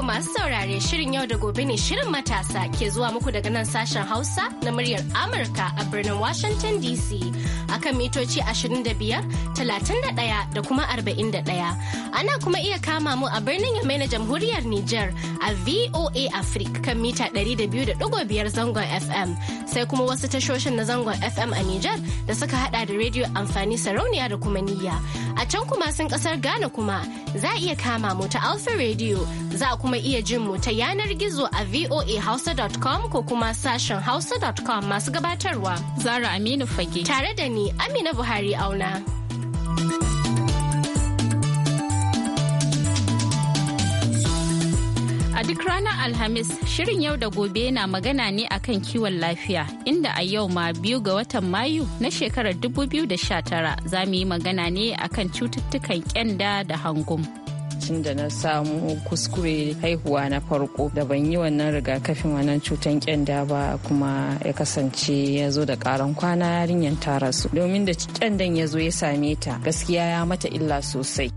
ku masu saurare shirin yau da gobe ne shirin matasa ke zuwa muku daga nan sashen Hausa na muryar Amurka a birnin Washington DC akan mitoci 25, 31 da kuma 41. Ana kuma iya kama mu a birnin Yamai na Jamhuriyar Nijar a VOA Africa kan mita 200.5 zangon FM sai kuma wasu tashoshin na zangon FM a Nijar da suka hada da rediyo amfani sarauniya da kuma niyya. A can kuma sun kasar Ghana kuma za a iya kama mu ta Alfa rediyo za a kuma kuma iya jin mu ta yanar gizo a voahausa.com ko kuma sashen hausa.com masu gabatarwa. Zara Aminu Fage. Tare da ni Amina Buhari auna. A duk ranar Alhamis, shirin yau da gobe na magana ne akan kiwon lafiya, inda a yau ma biyu ga watan Mayu na shekarar 2019 za mu yi magana ne akan cututtukan kyanda da hangum. lokacin da na samu kuskure haihuwa na farko da ban yi wannan rigakafin wannan cutan kyanda ba kuma ya kasance ya zo da karan kwana yarinyar ta rasu domin da kyandan ya zo ya same ta gaskiya ya mata illa sosai.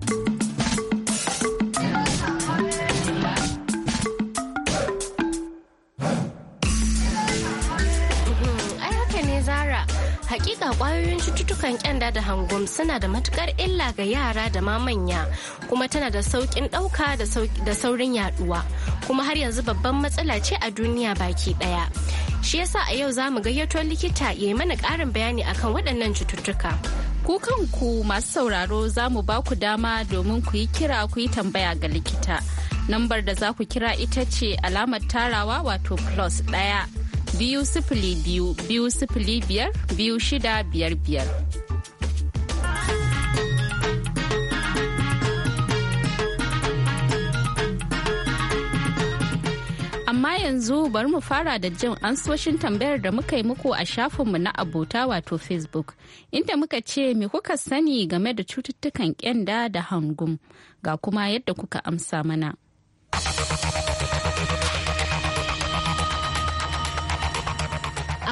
kwayoyin cututtukan kyanda da hangum suna da matukar illa ga yara da ma manya kuma tana da saukin ɗauka da saurin yaduwa kuma har yanzu babban matsala ce a duniya baki ɗaya. Shi yasa a yau za mu gayyato likita ya yi mana ƙarin bayani akan waɗannan cututtuka. Ku kanku masu sauraro za mu ba ku dama domin ku yi kira ku yi tambaya ga likita. Lambar da za ku kira ita ce alamar tarawa wato plus ɗaya biyu sifili biyu biyu sifili biyar biyu shida biyar biyar. amma yanzu bari mu fara da jin ansoshin tambayar da muka yi muku a shafinmu na abota wato facebook inda muka ce me kuka sani game da cututtukan kyanda da hangum ga kuma yadda kuka amsa mana.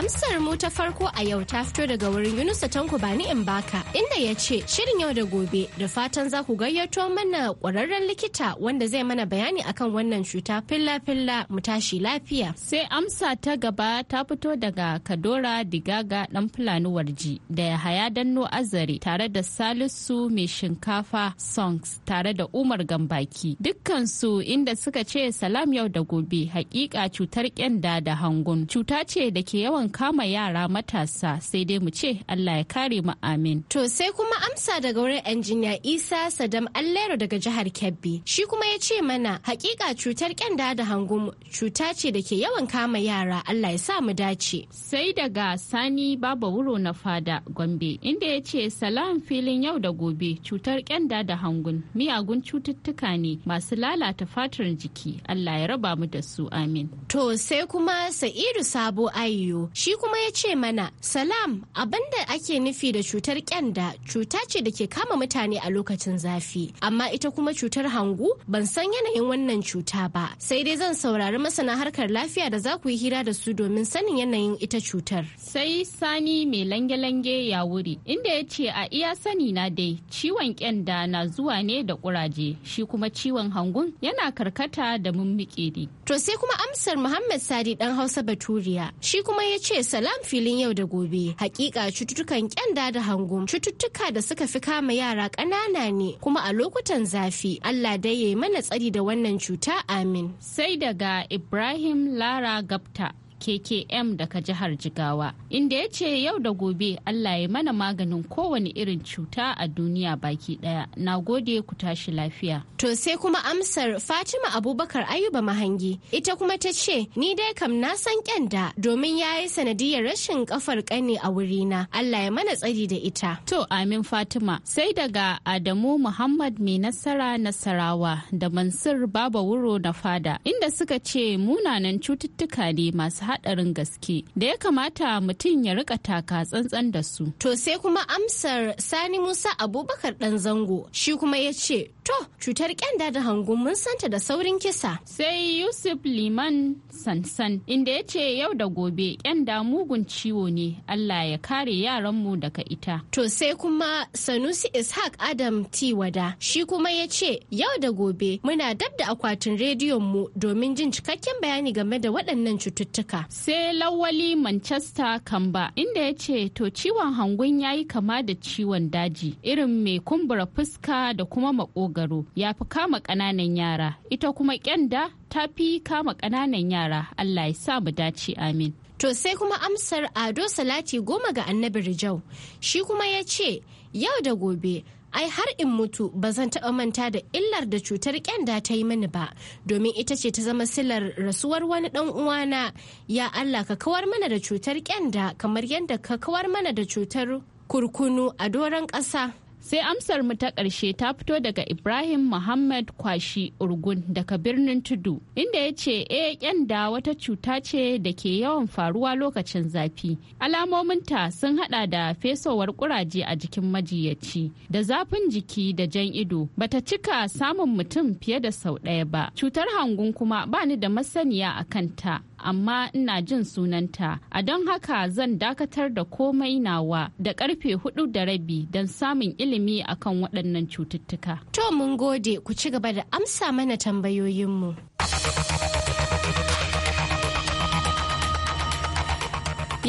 Amsar mu ta farko a yau ta fito daga wurin Yunusa Tanko Bani in baka inda ya ce shirin yau da gobe da fatan za ku gayyato mana ƙwararren likita wanda zai mana bayani akan wannan cuta filla-filla mu tashi lafiya. Sai amsa ta gaba ta fito daga Kadora Digaga ɗan Fulani Warji da Yahaya Danno Azare tare da Salisu mai shinkafa Songs tare da Umar Gambaki. Dukkansu inda suka ce salam yau da gobe hakika cutar kyanda da hangun cuta ce da ke yawan kama yara matasa sai dai mu ce Allah ya kare mu amin. To sai kuma amsa daga wurin injiniya Isa Sadam Allero daga jihar Kebbi. Shi kuma ya ce mana hakika cutar kyanda da hangum cuta ce da ke yawan kama yara Allah ya sa mu dace. Sai daga Sani Baba Wuro na Fada Gombe inda ya ce salam filin yau da gobe cutar kyanda da hangun miyagun cututtuka ne masu lalata fatar jiki Allah ya raba mu da su amin. To sai kuma Sa'idu Sabo Ayyo Shi kuma ya ce mana, Salam abinda ake nufi da cutar kyanda cuta ce da ke kama mutane a lokacin zafi, amma ita kuma cutar hangu ban san yanayin wannan cuta ba. Sai dai zan saurari masana harkar lafiya da za ku yi hira da su domin sanin yanayin ita cutar. Sai Sani mai lange-lange ya wuri, inda ya ce a iya sani na dai ciwon kyanda na zuwa ne da kuraje, shi kuma ciwon hangun yana karkata da mummikiri. To sai kuma amsar Muhammad Sadi dan Hausa Baturiya, shi kuma ya ce salam filin yau da gobe. Hakika cututtukan kyanda da hangu cututtuka da suka fi kama yara ƙanana ne kuma a lokutan zafi. Allah dai ya mana tsari da wannan cuta amin. Sai daga Ibrahim Lara gabta. kkm daga jihar jigawa inda ya ce yau da gobe allah ya mana maganin kowane irin cuta a duniya baki daya na gode ku tashi lafiya to sai kuma amsar fatima abubakar ayuba mahangi ita kuma ta ce ni dai kam na san kyanda domin ya yi sanadiyar rashin kafar kane a wurina allah ya mana tsari da ita to amin fatima sai daga adamu muhammad mai nasara nasarawa da mansur baba wuro na fada inda suka ce munanan cututtuka ne masu haɗarin gaske da ya kamata mutum ya rika taka tsantsan da su. To sai kuma amsar Sani Musa Abubakar ɗan zango shi kuma ya ce To, cutar kyanda da hangu mun santa da saurin kisa. Sai Yusuf Liman Sansan, inda ya ce yau da gobe kyanda mugun ciwo ne, Allah ya kare yaranmu daga ita. To sai kuma Sanusi Ishaq Adam Tiwada, shi kuma ya ce yau da gobe muna dab da akwatin rediyon mu domin jin cikakken bayani game da waɗannan cututtuka. Sai Lawali Manchester Kamba, inda ya ce to ciwon hangun yayi kama da ciwon daji, irin mai kumbura fuska da kuma maƙoga. dogaro ya fi kama ƙananan yara ita kuma kyanda ta fi kama ƙananan yara allah ya sa mu dace amin to sai kuma amsar ado salati goma ga annabi rijau shi kuma ya ce yau da gobe ai har in mutu ba zan taɓa manta da illar da cutar kyanda ta yi mini ba domin ita ce ta zama silar rasuwar wani ɗan uwana ya allah ka kawar mana da cutar kyanda kamar yadda ka kawar mana da cutar kurkunu a doron ƙasa Sai amsar mu ta ƙarshe ta fito daga Ibrahim Muhammad Kwashi Urgun daga birnin Tudu, inda ya ce e eh, kyanda wata cuta ce da ke yawan faruwa lokacin zafi. Alamominta sun hada da fesowar kuraje a jikin majiyaci, da zafin jiki da jan ido, bata cika samun mutum fiye da sau ɗaya ba. Cutar hangun kuma bani da masaniya a kanta. amma ina jin sunanta a don haka zan dakatar da komai nawa da karfe hudu da rabi don samun ilimi akan waɗannan cututtuka. To mun gode ku ci gaba da amsa mana tambayoyinmu.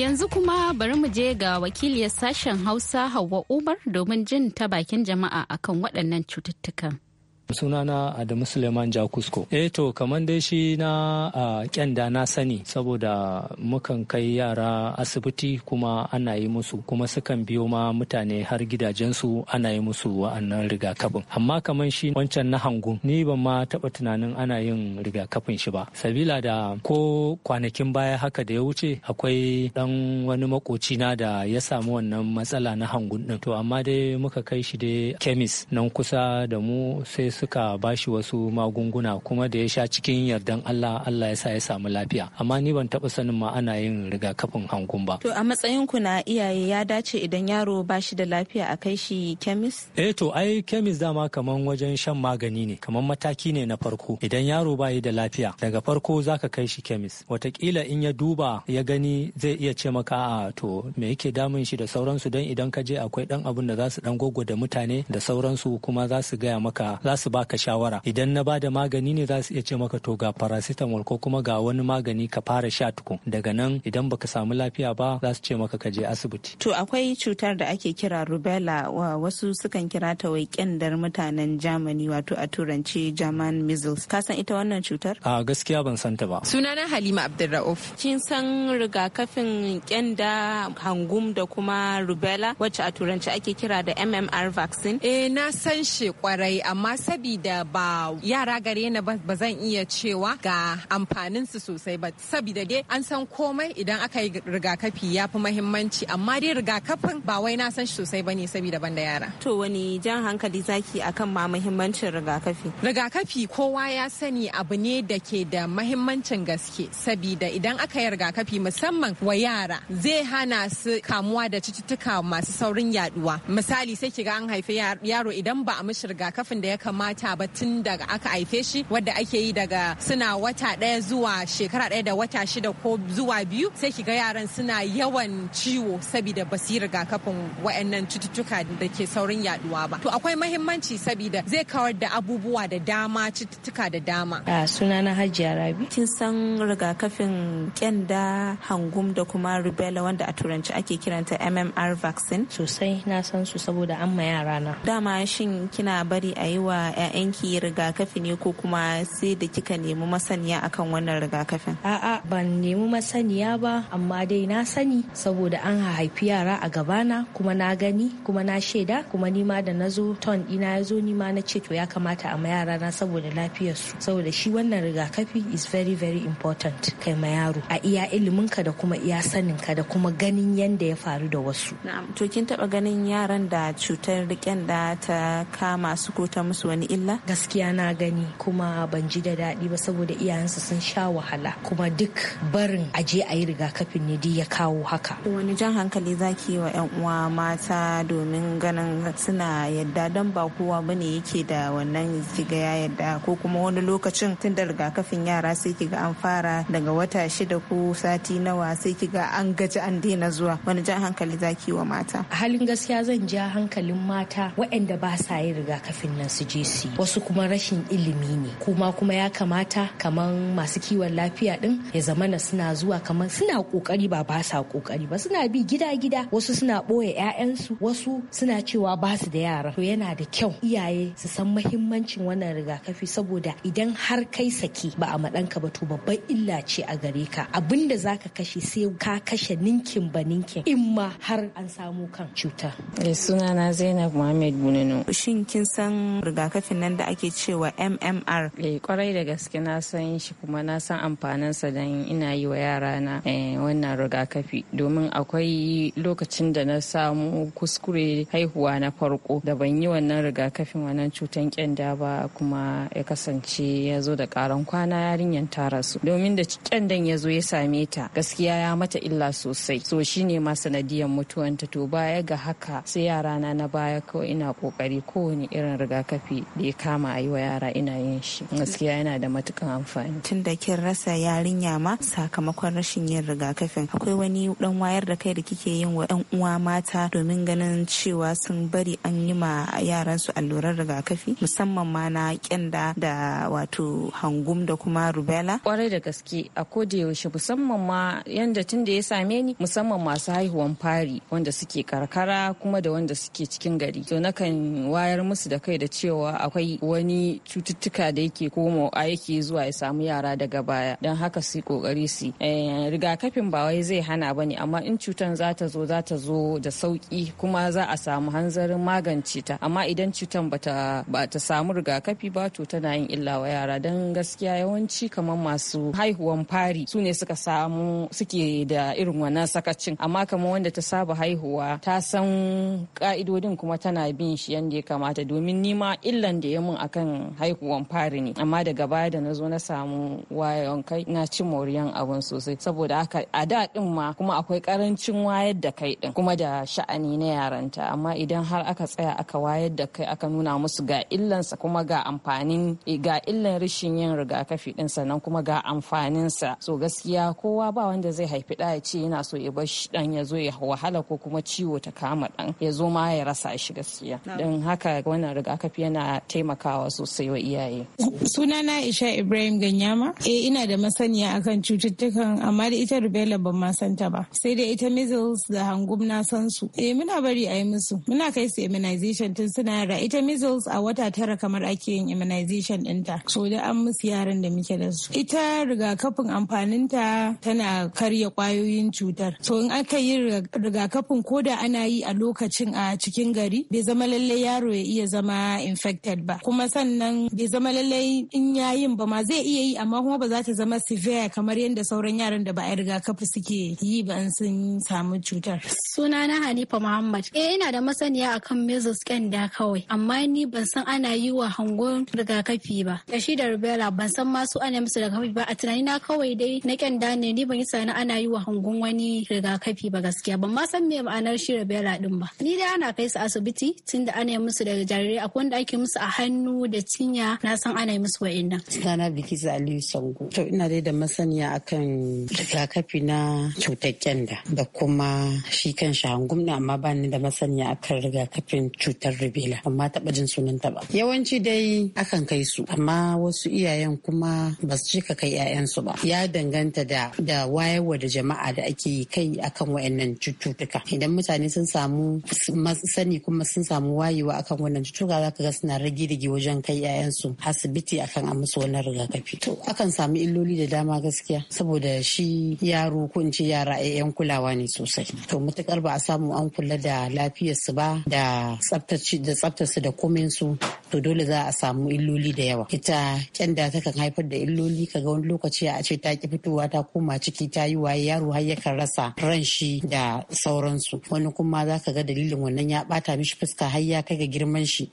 Yanzu kuma bari mu je ga wakiliyar sashen Hausa Hauwa Umar domin jin ta bakin jama'a akan waɗannan cututtukan. sunana Adamu Suleiman Jakusko. Eh to kamar dai shi na a kyanda na sani saboda mukan kai yara asibiti kuma ana yi musu kuma sukan biyo ma mutane har gidajensu ana yi musu wa'annan rigakafin. Amma kamar shi wancan na hangun ni ban ma taɓa tunanin ana yin rigakafin shi ba. Sabila da ko kwanakin baya haka da ya wuce akwai dan wani makoci na da ya samu wannan matsala na hangun din. To amma dai muka kai shi dai kemis nan kusa da mu sai suka bashi wasu magunguna kuma da ya sha cikin yardan Allah Allah ya sa ya samu lafiya amma ni ban taba sanin ma ana yin rigakafin hangun ba to a matsayin ku na iyaye ya dace idan yaro ba shi da lafiya a kai shi kemis eh to ai kemis dama kaman wajen shan magani ne kaman mataki ne na farko idan yaro ba yi da lafiya daga farko zaka kai shi kemis watakila in ya duba ya gani zai iya ce maka a to me yake damun shi da sauransu don idan ka je akwai dan abun da za su dan da mutane da sauransu kuma za su gaya maka za su baka shawara idan na bada magani ne za su iya ce maka to ga paracetamol ko kuma ga wani magani ka fara sha tukun daga nan idan baka samu lafiya ba za su ce maka ka je asibiti to akwai cutar da ake kira rubella wa wasu sukan kira ta wai kyandar mutanen germany wato a turanci german measles ka san ita wannan cutar a gaskiya ban san ta ba sunana halima abdurrauf kin san rigakafin kyanda hangum da kuma rubella wacce a turanci ake kira da mmr vaccine eh na san shi kwarai amma sai sabida ba yara gare na ba zan iya cewa ga amfanin su sosai ba sabida dai an san komai idan aka yi rigakafi ya fi mahimmanci amma dai rigakafin ba wai na san shi sosai ba ne sabida ban da yara. To wani jan hankali zaki akan ma mahimmancin rigakafi? Rigakafi kowa ya sani abu ne da ke da mahimmancin gaske sabida idan aka yi rigakafi musamman wa yara zai hana su kamuwa da cututtuka masu saurin yaduwa misali sai kiga an haifi yaro idan ba a mishi rigakafin da ya kama. kamata ba tun daga aka haife shi wadda ake yi daga suna wata ɗaya zuwa shekara ɗaya da wata shida ko zuwa biyu sai ki ga yaran suna yawan ciwo saboda ba su yi rigakafin waɗannan cututtuka da ke saurin yaduwa ba to akwai mahimmanci saboda zai kawar da abubuwa da dama cututtuka da dama a sunana hajiya rabi kin san rigakafin kyanda hangum da kuma rubella wanda a turanci ake kiranta mmr vaccine sosai na san su saboda an ma yara na dama shin kina bari a yi wa ƴaƴanki rigakafi ne ko kuma sai da kika nemi masaniya akan wannan rigakafin a'a ban nemi masaniya ba amma dai na sani saboda an haifi yara a gabana kuma na gani kuma na shaida kuma nima da na zo ton ina ya zo nima na ce to ya kamata a ma yara na saboda lafiyarsu saboda shi wannan rigakafi is very very important kai ma yaro a iya ilimin ka da kuma iya sanin ka da kuma ganin yanda ya faru da wasu na'am to kin taba ganin yaran da cutar riken da ta kama su ko ta musu wani wani illa gaskiya na gani kuma ban ji da daɗi ba saboda su sun sha wahala kuma duk barin aje a yi rigakafin ne ya kawo haka wani jan hankali zaki wa yan uwa mata domin ganin suna yadda don ba kowa ba ne yake da wannan kiga ya yadda ko kuma wani lokacin tun da rigakafin yara sai kiga an fara daga wata shida ko sati nawa sai kiga an gaji an daina zuwa wani jan hankali zaki wa mata a halin gaskiya zan ja hankalin mata waɗanda ba sa yin rigakafin nan su je su wasu kuma rashin ilimi ne kuma kuma ya kamata kaman masu kiwon lafiya din ya zamana suna zuwa kamar suna kokari ba ba sa kokari ba suna bi gida gida wasu suna boye ƴaƴansu wasu suna cewa ba su da yara to yana da kyau iyaye su san muhimmancin wannan rigakafi saboda idan har kai saki ba a maɗanka ba to babban illa ce a gare ka abinda zaka kashe sai ka kashe ninkin ba ninkin in ma har an samu kan cuta eh, na Zainab Muhammad Bunano shin kin san rigakafi tallafin nan da ake cewa mmr eh kwarai da gaske na san shi kuma na san amfanin sa dan ina yi wa yara na eh, wannan rigakafi domin akwai lokacin da na samu kuskure haihuwa na farko da ban yi wannan rigakafin wannan cutan kyanda ba kuma ya kasance ya zo da karan kwana yarinyar ta rasu domin da kyandan ya zo ya same ta gaskiya ya mata illa sosai so shine ma sanadiyan mutuwanta to baya ga haka sai yarana na baya kawai ina kokari kowane irin rigakafi da ya kama a yi wa yara ina yin shi gaskiya yana da matukan amfani tun da kin rasa yarinya ma sakamakon rashin yin rigakafin akwai wani dan wayar da kai da kike yin wa yan uwa mata domin ganin cewa sun bari an yi ma yaran su allurar rigakafi musamman ma na kyanda da wato hangum da kuma rubella kwarai da gaske a koda yaushe musamman ma yanda tun da ya same ni musamman masu haihuwan fari wanda suke karkara kuma da wanda suke cikin gari to nakan wayar musu da kai da cewa akwai wani cututtuka da yake koma a yake zuwa ya samu yara daga baya don haka su kokari su eh, rigakafin ba wai zai hana ba ne amma in cutan za ta zo za ta zo da sauki kuma za a samu hanzarin magance ta amma idan cutan ba ta samu rigakafi ba to tana yin illa wa yara don gaskiya yawanci kamar masu haihuwan fari su ne suka samu suke da irin wannan sakacin amma kamar wanda ta saba haihuwa ta san ka'idodin kuma tana bin shi yadda ya kamata domin nima illa illan da ya mun a kan haihuwan fari ne amma daga baya da na zo na samu wayon kai na ci moriyan abun sosai saboda haka a da din ma kuma akwai karancin wayar da kai din kuma da sha'ani na yaranta amma idan har aka tsaya aka wayar da kai aka nuna musu ga illansa kuma ga amfanin eh, ga illan rashin yin rigakafi din sannan kuma ga amfaninsa so gaskiya kowa ba wanda zai haifi da ya ce yana so ya bar shi dan ya zo ya wahala ko kuma ciwo ta kama dan ya zo ma ya rasa shi gaskiya don haka wannan rigakafi yana A taimakawa sosai wa iyaye. Sunana Isha Ibrahim Ganyama, eh ina da masaniya akan cututtukan amma da ita rubella ban ma san ta ba. Sai da ita measles da hangum na san su. Eh muna bari a yi musu. Muna kai su immunization tun suna yara. Ita measles a wata tara kamar ake yin immunization ɗinta. So da an musu yaran da muke da su. Ita rigakafin amfaninta tana karya kwayoyin cutar. So in aka yi rigakafin ko da ana yi a lokacin a cikin gari bai zama lallai yaro ya iya zama infected affected ba kuma sannan bai zama lallai in yayin ba ma zai iya yi amma kuma ba za ta zama severe kamar yadda sauran yaran da ba a rigakafi suke yi ba in sun samu cutar. Suna na Hanifa Muhammad. Eh ina da masaniya akan measles da kawai amma ni ban san ana yi wa hangon rigakafi ba. Da shi da rubella ban san ma su ana musu rigakafi ba a tunani na kawai dai na kyanda ne ni ban yi sani ana yi wa hangon wani rigakafi ba gaskiya ban ma san me ma'anar shi rubella din ba. Ni dai ana kai su asibiti tunda ana yi musu da jarirai akwai wanda ake musu musu a hannu da cinya na san ana yi musu Sana biki za Aliyu Sango. To ina dai da masaniya akan rigakafi na cutar kyanda da kuma shi kan shi hangumna amma ba ni da masaniya akan rigakafin cutar rubela amma taɓa jin sunan ta ba. Yawanci dai akan kai su amma wasu iyayen kuma ba su cika kai 'ya'yansu ba. Ya danganta da da wayarwa da jama'a da ake kai akan wa'annan cututtuka. Idan mutane sun samu sani kuma sun samu wayewa akan wannan cututtuka za ka ga suna rage-rage wajen kai 'ya'yansu asibiti akan a musu wannan rigakafi to akan samu illoli da dama gaskiya saboda shi yaro ko in ce yara 'ya'yan kulawa ne sosai to matukar ba a samu an kula da lafiyarsu ba da da tsaftarsu da su to dole za a samu illoli da yawa ita kyanda kan haifar da illoli kaga wani lokaci a ce ta ki fitowa ta koma ciki ta yi waye yaro har yakan rasa ran shi da sauransu wani kuma za ka ga dalilin wannan ya bata mishi fuska har ya kai ga girman shi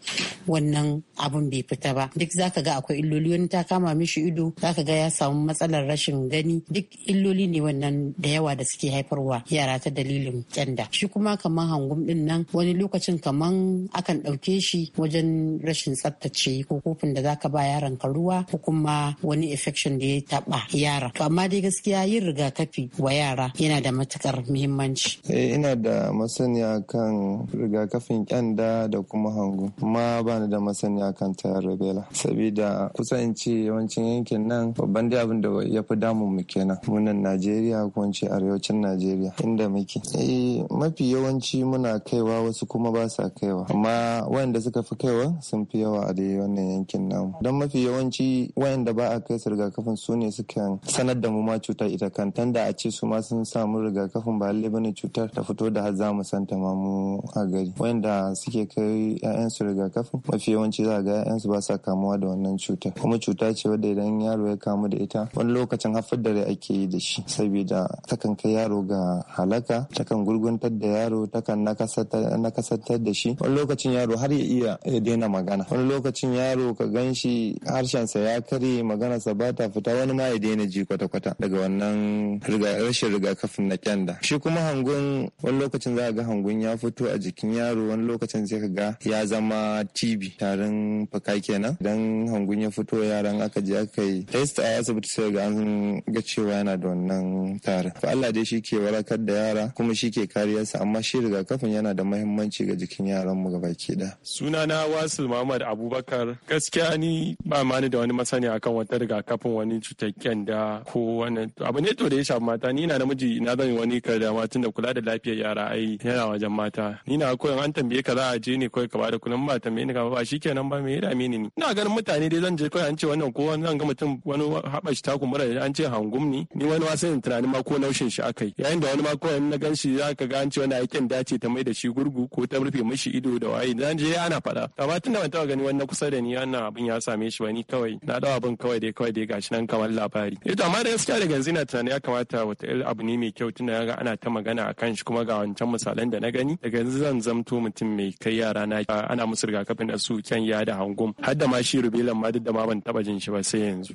wannan wannan abun bai fita ba duk zaka ga akwai illoli wani ta kama mishi ido zaka ga ya samu matsalar rashin gani duk illoli ne wannan da yawa da suke haifarwa yara ta dalilin kyanda shi kuma kamar hangum din nan wani lokacin kaman akan ɗauke shi wajen rashin tsaftace ko kofin da zaka ba yaron ka ruwa ko kuma wani infection da ya taɓa yara to amma dai gaskiya yin rigakafi wa yara yana da matukar muhimmanci eh, ina da masaniya kan rigakafin kyanda da kuma hangu amma ba ni da masaniya kan tayar rubella sabida kusan ce yawancin yankin nan babban dai abin da ya fi damun mu kenan munan najeriya ko ce arewacin najeriya inda muke eh mafi yawanci muna kaiwa wasu kuma ba sa kaiwa amma wayanda suka fi kaiwa sun fi yawa a dai wannan yankin namu don mafi yawanci wayanda ba a kai su rigakafin su ne sukan sanar da mu ma cutar ita kan tanda a ce su ma sun samu rigakafin ba lalle bane cutar ta fito da har za mu santa ma mu a gari wayanda suke kai 'ya'yansu rigakafin mafi yawanci za ga 'yansu ba sa kamuwa da wannan cutar kuma cuta ce wadda idan yaro ya kamu da ita wani lokacin haifar da ake yi da shi saboda takan kai yaro ga halaka takan gurguntar da yaro takan nakasantar da shi wani lokacin yaro har ya iya ya daina magana wani lokacin yaro ka gan shi harshensa ya karye sa ba ta fita wani ma ya daina ji kwata-kwata daga wannan rashin rigakafin na kyanda shi kuma hangun wani lokacin za ga hangun ya fito a jikin yaro wani lokacin sai ka ga ya zama tibi. tarin faka kenan idan hangun ya fito yaran aka je aka yi test a asibiti sai ga an ga cewa yana da wannan tarin fa Allah dai shi ke warakar da yara kuma shi ke kariyarsa amma shi rigakafin yana da mahimmanci ga jikin yaran mu gabaki da sunana wasil muhammad abubakar gaskiya ni ba ma ni da wani masani akan wata rigakafin wani cutar kyanda ko wani abu ne to da ya shafi mata ni na namiji na zan wani da tun da kula da lafiyar yara ai yana wajen mata ni na koyon an tambaye ka za a je ne kawai ka bada kullum ba tambaye ni ka ba shikenan ba me ya dame ni ina ganin mutane dai zan je kai an ce wannan ko zan ga mutum wani haɓa shi taku mura an ce hangum ni ni wani wasu yin tunanin ma ko naushin shi akai yayin da wani ma wani na gan shi zaka ga an ce wani aikin dace ta mai da shi gurgu ko ta rufe mishi ido da waye zan je ana fada amma tun da ban taɓa gani wani kusa da ni wannan abin ya same shi wani kawai na dawa abin kawai dai kawai dai gashi nan kamar labari ita eh amma da gaskiya da ganzi na tunani ya kamata wata abu ne mai kyau tunda ga ana ta magana akan shi kuma ga wancan misalan da na gani daga yanzu zan zamto mutum mai kai yara na ana musu rigakafin da su duken ya da hangum har da ma shi rubelan ma duk da ma ban taba jin shi ba sai yanzu.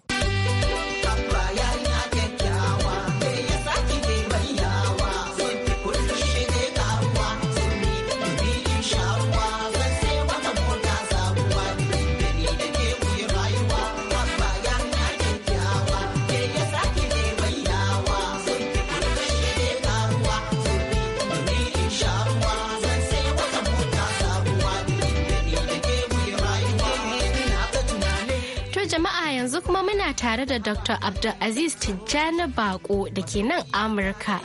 jama'a yanzu kuma muna tare da Dr. Abdulaziz Tijjani Bako da ke nan Amurka.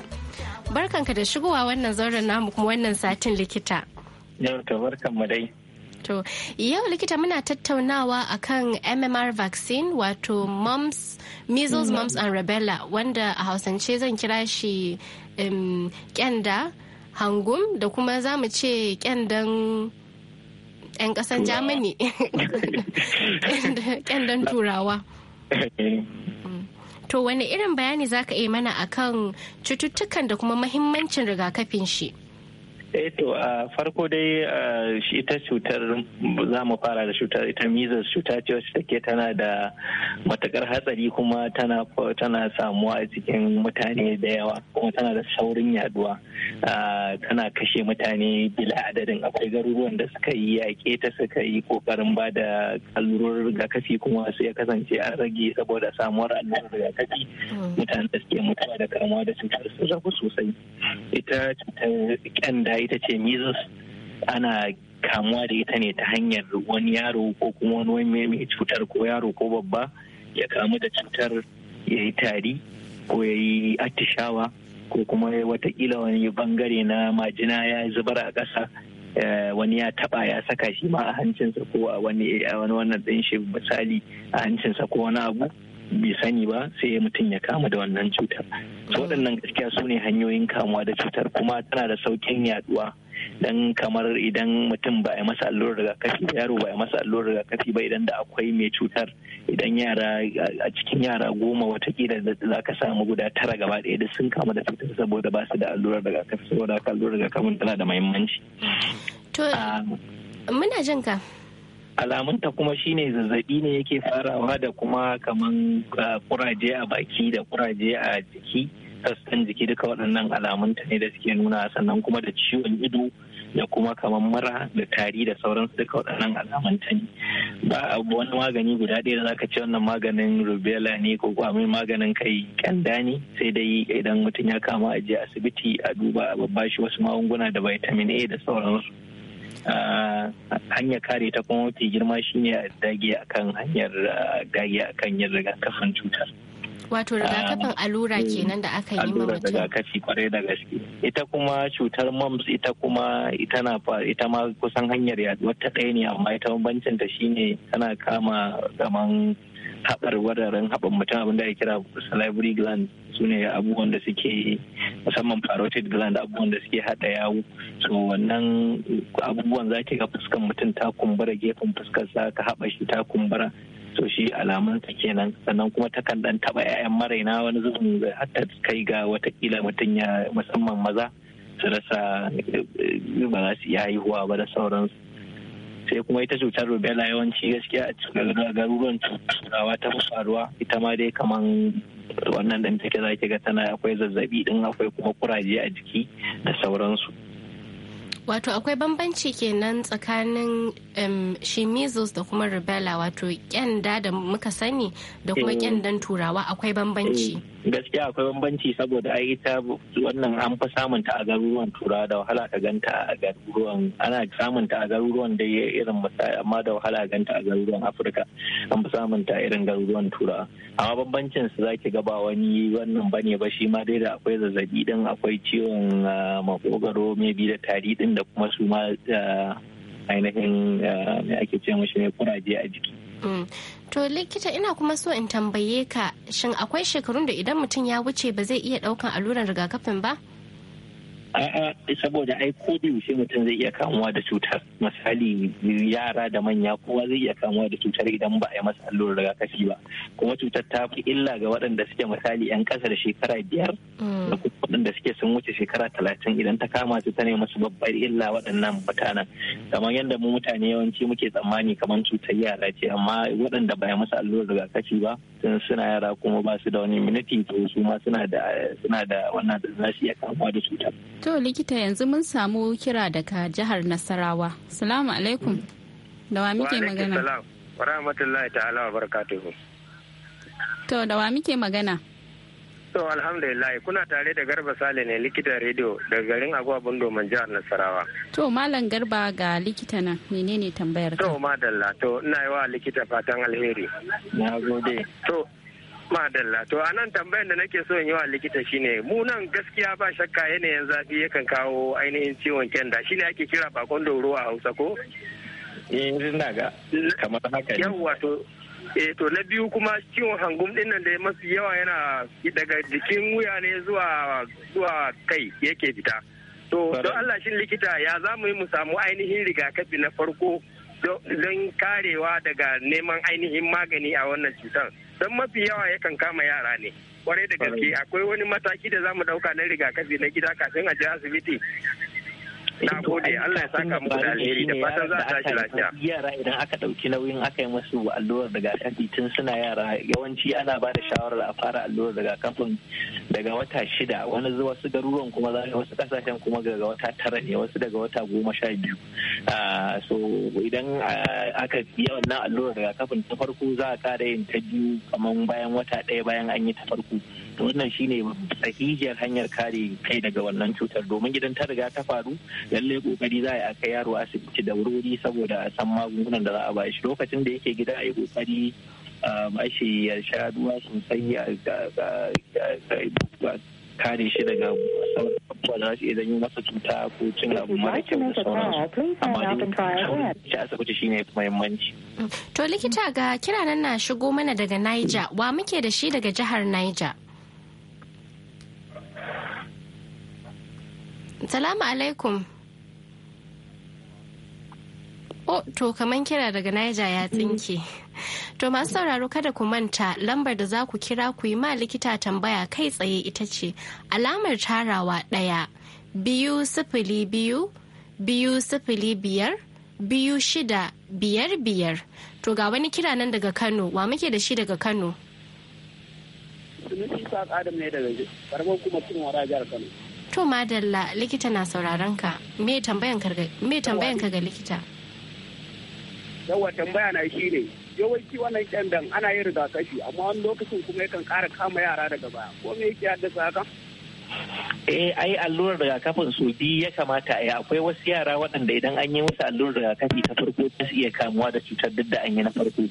Barkanka da shigowa wannan zauren namu kuma wannan satin likita. Yau to madai. yau likita muna tattaunawa akan MMR vaccine wato mumps, measles, mumps and rubella wanda a hausance zan kira shi kyanda, hangum da kuma za mu ce kyandan 'yan ƙasar germany ƙyandan turawa to wani irin bayani za ka iya mana akan cututtukan da kuma mahimmancin rigakafin shi Eto, eh, a farko dai ita cutar za mu fara da cutar ita measles cuta ce wacce take tana da matakar hatsari kuma tana tana samuwa a cikin mutane da yawa kuma tana da saurin yaduwa tana kashe mutane bila adadin akwai garuruwan da suka yi yaƙe ta suka yi kokarin ba da allurar rigakafi kuma su ya kasance an rage saboda samuwar allurar rigakafi mutane da suke mutuwa da kamuwa da cutar sun ragu sosai ita cutar ita ce measles ana kamuwa da ita ne ta hanyar wani yaro ko kuma wani mai cutar ko yaro ko babba ya kamu da cutar ya yi tari ko ya yi attishawa ko kuma watakila wani bangare na majina ya zubar a ƙasa eh, wani ya taba ya saka shi ma a hancinsa ko a wani wannan ɗin shi misali a hancinsa ko wani abu bai sani ba sai mutum ya kama da wannan cutar so waɗannan gaskiya su ne hanyoyin kamuwa da cutar kuma tana da saukin yaduwa dan kamar idan mutum ba a masa allurar rigakafi ba yaro ba a masa allurar rigakafi ba idan da akwai mai cutar idan yara a cikin yara goma watakila da za ka samu guda tara gaba ɗaya da sun kama da cutar saboda ba su da allurar rigakafi saboda haka allurar rigakafin tana da muhimmanci. Ah, muna jin ka. alamunta kuma shine zazzabi ne yake farawa da kuma kaman ah, kuraje a baki da kuraje a jiki sassan jiki duka waɗannan alamunta ne da suke nuna sannan kuma da ciwon ido da kuma kamar mura da tari da sauransu duka waɗannan alamunta ne ba abu wani magani guda ɗaya da zaka ce wannan maganin rubella ne ko kwamin maganin kai kyanda ne sai dai idan mutum ya kama a je asibiti a duba a babbashi wasu magunguna da vitamin a da sauransu hanyar kare ta kuma mafi girma shi ne a dage kan hanyar a kan yin rigakafin cutar wato rigakafin allura mm, kenan da aka yi allura rigakafi kwarai da gaske ita kuma cutar mumps ita kuma ita na ita ma kusan hanyar yaduwar ta ɗaya ne amma ita bambancin ta shine tana kama gaman haɓar wuraren haɓar mutum abinda ya kira salivary gland su ne abubuwan da suke musamman parotid gland abubuwan da suke hada yawo so wannan abubuwan za ka ga fuskan mutum ta kumbura gefen fuskar fuskarsa ka haɓa shi ta kumbura so shi ta kenan sannan kuma takan dan taɓa 'ya'yan maraina wani zubin hatta kai ga watakila mutum ya musamman maza su rasa eh, ba za su iya haihuwa ba da sauransu sai kuma ita cutar rubella yawanci gaskiya a cikin garuruwan turawa ta faruwa ita ma dai kamar. wannan ɗin take za ki ga tana akwai zazzabi din akwai kuma kuraje a jiki da sauransu. Wato akwai bambanci kenan tsakanin shi measles da kuma rubella wato kyanda da muka sani da kuma kyandan eh. turawa akwai bambanci. Eh. gaskiya akwai bambanci saboda ai ita wannan an fi samun ta a garuruwan turawa da wahala ka ganta a garuruwan ana samun ta a garuruwan da irin misali amma da wahala ganta a garuruwan afirka an fi samun ta irin garuruwan turawa amma bambancin su zaki ga ba wani wannan bane ba shi ma dai da akwai zazzabi din akwai ciwon ah, makogaro maybe da tari din da kuma su ma ah, ainihin ah, me ake ce mashi ne kuraje a jiki Mm. To likita ina kuma so in tambaye ka shin akwai shekarun da idan mutum ya wuce ba zai iya ɗaukan alluran rigakafin ba? A'a saboda ai ko da yaushe mutum zai iya kamuwa da cutar misali yara da manya kowa zai iya kamuwa da cutar idan ba a yi masa allurar rigakafi ba kuma cutar ta fi illa ga waɗanda suke misali yan ƙasa da shekara biyar da mm. kuma waɗanda suke sun wuce shekara talatin idan ta kama su ta ne masu babbar illa waɗannan mutanen kamar yadda mu mutane yawanci muke tsammani kamar cutar yara ce amma waɗanda ba a yi masa allurar rigakafi ba sun suna yara kuma ba su da wani miniti to su ma suna da wannan da za su iya kamuwa da cutar. To likita yanzu mun samu kira daga jihar Nasarawa. Salamu alaikum. Da wa muke magana? Wa rahmatullahi ta'ala wa barakatuhu. To da wa muke magana? To alhamdulillah kuna tare da Garba Sale ne likitan rediyo daga garin Bundo man jihar Nasarawa. To Malam Garba ga likita nan, menene tambayar ka? To madalla to ina yi wa likita fatan alheri. Na gode. To Madalla, to a nan tambayar da nake so in yi wa likita shine mu nan gaskiya ba shakka yanayin zafi yakan kawo ainihin ciwon kyanda shine ake kira bakon doro a Hausa ko? Eh, yanzu na ga kamar haka ne. Yawwa to eh to na biyu kuma ciwon hangum din nan da mafi yawa yana daga jikin wuya ne zuwa zuwa kai yake fita. To don Allah shin likita ya za mu yi mu samu ainihin rigakafi na farko don karewa daga neman ainihin magani a wannan cutar. don mafi yawa yakan kama yara ne kwarai da gaske akwai wani mataki da za mu dauka na rigakafi na gida kafin a je asibiti na gode Allah ya saka muku da alheri da fatan za a tashi lafiya yara idan aka dauki nauyin aka yi musu allurar daga kafi tun suna yara yawanci ana ba da shawarar a fara allurar daga kafin daga wata shida wani zuwa su garuruwan kuma za wasu kasashen kuma daga wata tara ne wasu daga wata goma sha biyu ah, so idan ah, aka yi wannan allurar daga kafin ta farko za a kara yin ta biyu kamar bayan wata ɗaya bayan an yi ta farko to wannan shine sahihiyar hanyar kare kai daga wannan cutar domin gidan ta riga ta faru lalle kokari za a kai yaro asibiti da wuri saboda a san magungunan da za a bashi lokacin da yake gida a yi kokari ashi ya sha ruwa sosai ya kare shi daga sauran da su iya yi masa cuta ko cin abu mara kyau da sauransu amma dai shi asibiti shi muhimmanci. To likita ga kiranan na shigo mana daga Niger wa muke da shi daga jihar Niger. salamu alaikum o to kaman kira daga naija ya tsinke to masu sauraro kada ku manta lambar da za ku kira ku yi ma likita tambaya kai tsaye ita ce alamar tarawa ɗaya biyu sifili biyu biyu sifili biyar biyu shida biyar biyar to ga wani kira nan daga kano wa muke da shi daga kano Sunan Isa Adam ne daga karamar kuma cin wara jihar Kano. to madalla likita na sauraron ka me tambayan ka ga likita yawa tambaya na shi ne yawanci wannan kyan ana yin rigakafi amma wani lokacin kuma yakan kara kama yara daga baya ko me yake haddasa haka eh ai allurar rigakafin su biyu ya kamata a akwai wasu yara waɗanda idan an yi musu allurar rigakafi ta farko za su iya kamuwa da cutar duk da an yi na farko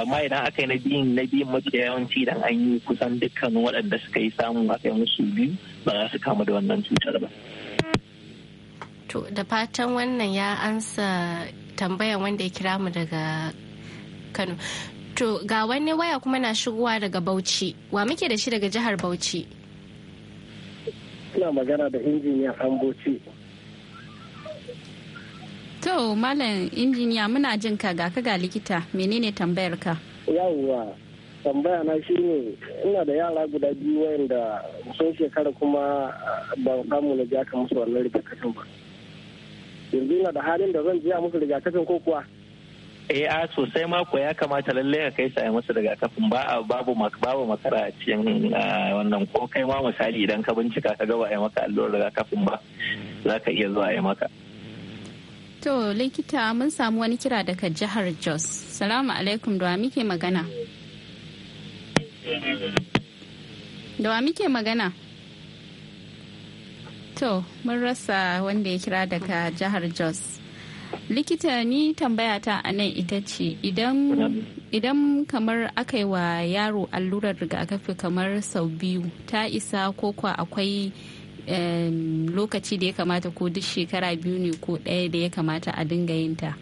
amma idan aka yi na biyun na biyun mafi yawanci idan an yi kusan dukkan waɗanda suka yi samu aka yi musu biyu ba za su kamu da wannan cutar ba. to da fatan wannan ya ansa tambayan wanda ya kira mu daga kano to ga wani waya kuma na shigowa daga bauchi wa muke da shi daga jihar bauchi kuna magana da injiniya Samboci. To, Malam injiniya muna jin ka ga ka ga likita menene tambayar ka? Yawwa, tambaya na shi ne ina da yara guda biyu wayanda sun shekara kuma ah, ban samu na ji musu wannan rigakafin ba. Yanzu ina da halin da zan je a musu rigakafin ko Eh, a sosai mako ya kamata lallai ka kai sa masa kafin ba a babu babu makara a cikin wannan ko kai ma misali idan ka bincika ka ga ba a maka allurar kafin ba za ka iya zuwa a maka to likita mun samu wani kira daga jihar Jos salamu alaikum da muke magana da wa muke magana to mun rasa wanda ya kira daga jihar Jos likita ni tambaya a nan ita ce idan kamar aka yi wa yaro allurar rigakafi kamar sau biyu ta isa ko kwa akwai lokaci da ya kamata ko duk shekara biyu ne ko ɗaya da ya kamata a dinga yin ta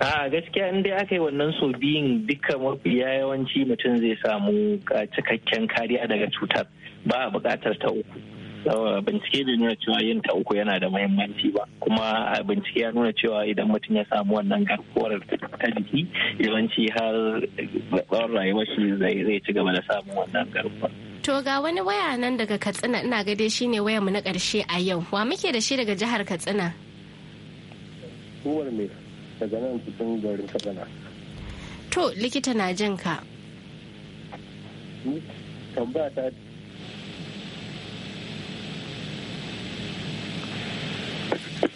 a gaskiya in dai aka yi wannan sau biyun duka mafiya yawanci mutum zai samu ah, cikakken kariya daga cutar ba a buƙatar ta uku bincike da nuna cewa yin ta uku yana da mahimmanci ba kuma bincike ya nuna cewa idan mutum ya samu wannan garkuwar ta jiki yawanci har tsawon rayuwar shi zai ci gaba da samun wannan garkuwar. To ga wani waya nan daga Katsina ina gade shi ne mu na karshe a yau. Wa muke da shi daga jihar Katsina? Kowar me daga nan cikin garin Katsina. To likita na jin ka. Tambaya ta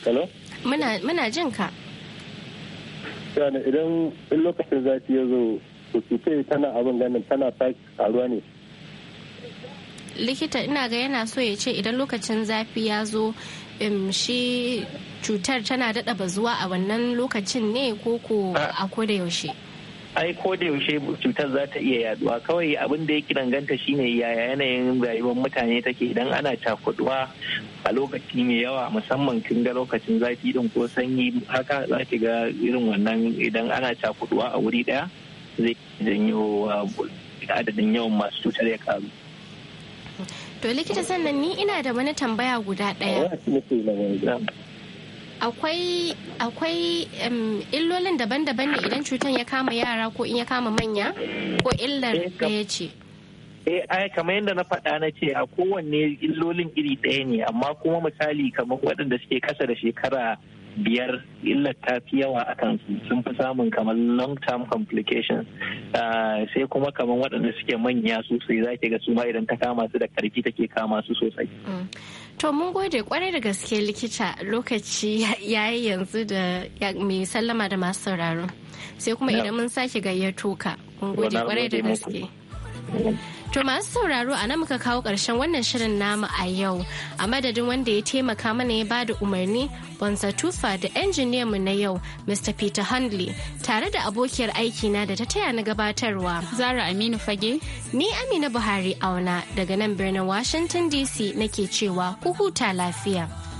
hello muna jin ka yana idan in lokacin zafi ya zo to tana abin ganin tana sake karuwa ne likita ina ga yana so ya ce idan lokacin zafi ya zo shi cutar tana daɗa bazuwa a wannan lokacin ne ko ko a koda yaushe ai ko da yaushe cutar za ta iya yaduwa kawai abin da yake danganta shine yaya yanayin rayuwar mutane take idan ana cakuduwa a lokaci mai yawa musamman kin ga lokacin zafi din ko sanyi haka za ki ga irin wannan idan ana cakuduwa a wuri daya zai janyo ah, adadin yawan masu cutar ya karu to likita sannan ni ina da wani tambaya guda daya akwai illolin daban-daban ne idan cutan ya kama yara ko in ya kama manya ko illar eh, ya ce eh ai kamar yadda na faɗa na ce a kowanne illolin iri ɗaya ne amma kuma misali kamar waɗanda suke kasa da shekara biyar illar ta fi yawa a kansu sun fi samun kamar long term complications ah, sai kuma kamar waɗanda suke manya sosai za ga su ma idan ta kama su da karfi take kama su sosai. Mm. To mun gode kwarai da gaske likita lokaci ya yi yanzu da mai sallama da masu sauraro sai kuma idan mun sake gayyato ka mun gode kwarai da gaske. To masu sauraro a nan muka kawo ƙarshen wannan shirin namu a yau. A madadin wanda ya taimaka mana ya bada umarni Bonsa Tufa da injiniyan mu na yau Mr. Peter Handley tare da abokiyar aiki na da ta taya na gabatarwa. Zara Aminu Fage. Ni Amina Buhari auna daga nan birnin Washington DC nake cewa ku huta lafiya.